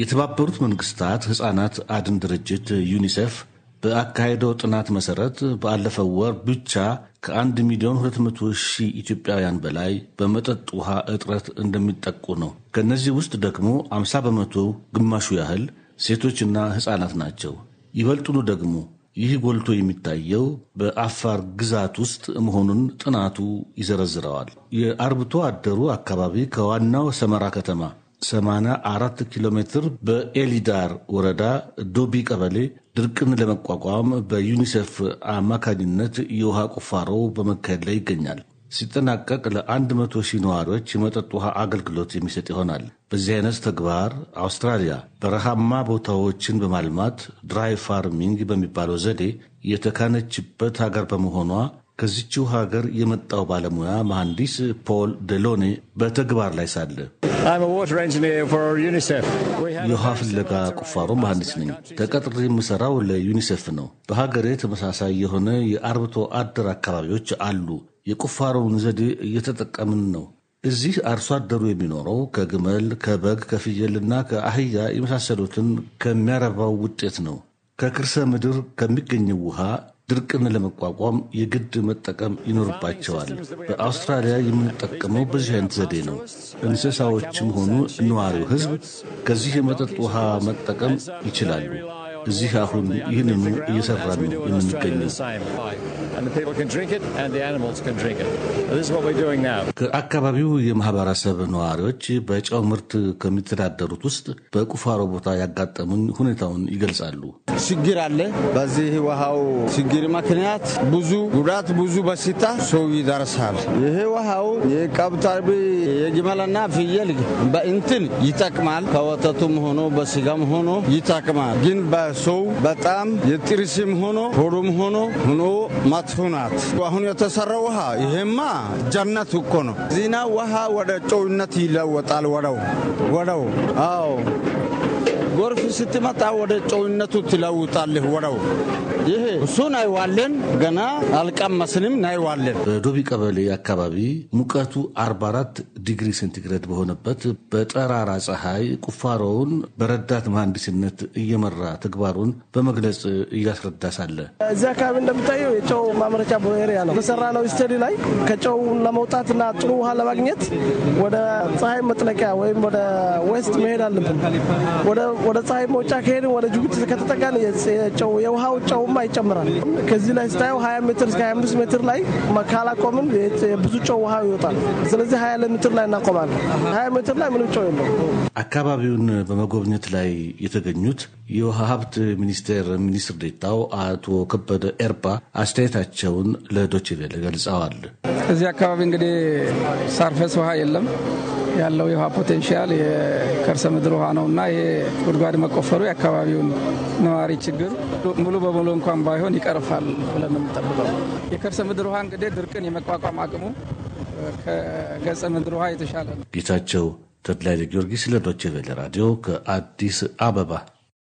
የተባበሩት መንግስታት ሕፃናት አድን ድርጅት ዩኒሴፍ በአካሄደው ጥናት መሠረት ባለፈው ወር ብቻ ከ1 ሚሊዮን 200 ሺህ ኢትዮጵያውያን በላይ በመጠጥ ውሃ እጥረት እንደሚጠቁ ነው። ከእነዚህ ውስጥ ደግሞ 50 በመቶ ግማሹ ያህል ሴቶችና ሕፃናት ናቸው። ይበልጡኑ ደግሞ ይህ ጎልቶ የሚታየው በአፋር ግዛት ውስጥ መሆኑን ጥናቱ ይዘረዝረዋል። የአርብቶ አደሩ አካባቢ ከዋናው ሰመራ ከተማ 84 ኪሎ ሜትር በኤሊዳር ወረዳ ዶቢ ቀበሌ ድርቅን ለመቋቋም በዩኒሴፍ አማካኝነት የውሃ ቁፋሮ በመካሄድ ላይ ይገኛል። ሲጠናቀቅ ለ መቶ ሺህ ነዋሪዎች የመጠጥ ውሃ አገልግሎት የሚሰጥ ይሆናል። በዚህ አይነት ተግባር አውስትራሊያ በረሃማ ቦታዎችን በማልማት ድራይ ፋርሚንግ በሚባለው ዘዴ የተካነችበት ሀገር በመሆኗ ከዚችው ሀገር የመጣው ባለሙያ መሐንዲስ ፖል ደሎኔ በተግባር ላይ ሳለ የውሃ ፍለጋ ቁፋሮ መሐንዲስ ነኝ። ተቀጥሬ የምሰራው ለዩኒሴፍ ነው። በሀገሬ ተመሳሳይ የሆነ የአርብቶ አደር አካባቢዎች አሉ። የቁፋሮውን ዘዴ እየተጠቀምን ነው። እዚህ አርሶ አደሩ የሚኖረው ከግመል፣ ከበግ፣ ከፍየልና ከአህያ የመሳሰሉትን ከሚያረባው ውጤት ነው። ከክርሰ ምድር ከሚገኘው ውሃ ድርቅን ለመቋቋም የግድ መጠቀም ይኖርባቸዋል። በአውስትራሊያ የምንጠቀመው በዚህ አይነት ዘዴ ነው። እንስሳዎችም ሆኑ ነዋሪው ሕዝብ ከዚህ የመጠጥ ውሃ መጠቀም ይችላሉ። እዚህ አሁን ይህንኑ እየሰራን ነው የምንገኘው። ከአካባቢው የማህበረሰብ ነዋሪዎች በጨው ምርት ከሚተዳደሩት ውስጥ በቁፋሮ ቦታ ያጋጠሙን ሁኔታውን ይገልጻሉ። ችግር አለ። በዚህ ውሃው ችግር ምክንያት ብዙ ጉዳት፣ ብዙ በሽታ ሰው ይደርሳል። ይህ ውሃው የቀብት አርቢ የግመልና ፍየል በእንትን ይጠቅማል። ከወተቱም ሆኖ በስጋም ሆኖ ይጠቅማል ግን ሰው በጣም የጥርስም ሆኖ ሆዶም ሆኖ ሆኖ ማትሆናት አሁን የተሰራው ውሃ ይሄማ ጀነት እኮ ነው። ዚና ውሃ ወደ ጨውነት ይለወጣል። ወደው ወደው አዎ ጎርፍ ስትመጣ ወደ ጨውነቱ ትለውጣልህ ወረው ይህ እሱን አይዋለን ገና አልቀመስንም ናይዋለን። በዶቢ ቀበሌ አካባቢ ሙቀቱ 44 ዲግሪ ሴንቲግሬድ በሆነበት በጠራራ ፀሐይ ቁፋሮውን በረዳት መሐንዲስነት እየመራ ተግባሩን በመግለጽ እያስረዳ ሳለ እዚህ አካባቢ እንደምታየው የጨው ማምረቻ ኤሪያ ነው። ነው ስተዲ ላይ ከጨው ለመውጣት ጥሩ ውሃ ለማግኘት ወደ ፀሐይ መጥለቂያ ወይም ወደ ዌስት መሄድ አለብን። ወደ ፀሐይ መውጫ ከሄድን ወደ ጅቡቲ ከተጠጋን የውሃው ጨውማ ይጨምራል። ከዚህ ላይ ስታየው 20 ሜትር እስከ 25 ሜትር ላይ ካላቆምን ብዙ ጨው ውሃ ይወጣል። ስለዚህ 20 ሜትር ላይ እናቆማለን። 20 ሜትር ላይ ምንም ጨው የለው። አካባቢውን በመጎብኘት ላይ የተገኙት የውሃ ሀብት ሚኒስቴር ሚኒስትር ዴታው አቶ ከበደ ኤርባ አስተያየታቸውን ለዶችቬለ ገልጸዋል። እዚህ አካባቢ እንግዲህ ሳርፌስ ውሃ የለም። ያለው የውሃ ፖቴንሻል የከርሰ ምድር ውሃ ነው እና ይሄ ጉድጓድ መቆፈሩ የአካባቢውን ነዋሪ ችግር ሙሉ በሙሉ እንኳን ባይሆን ይቀርፋል ብለን የምንጠብቀው። የከርሰ ምድር ውሃ እንግዲህ ድርቅን የመቋቋም አቅሙ ከገጸ ምድር ውሃ የተሻለ ነው። ጌታቸው ተድላይ ጊዮርጊስ ለዶቼ ቬለ ራዲዮ ከአዲስ አበባ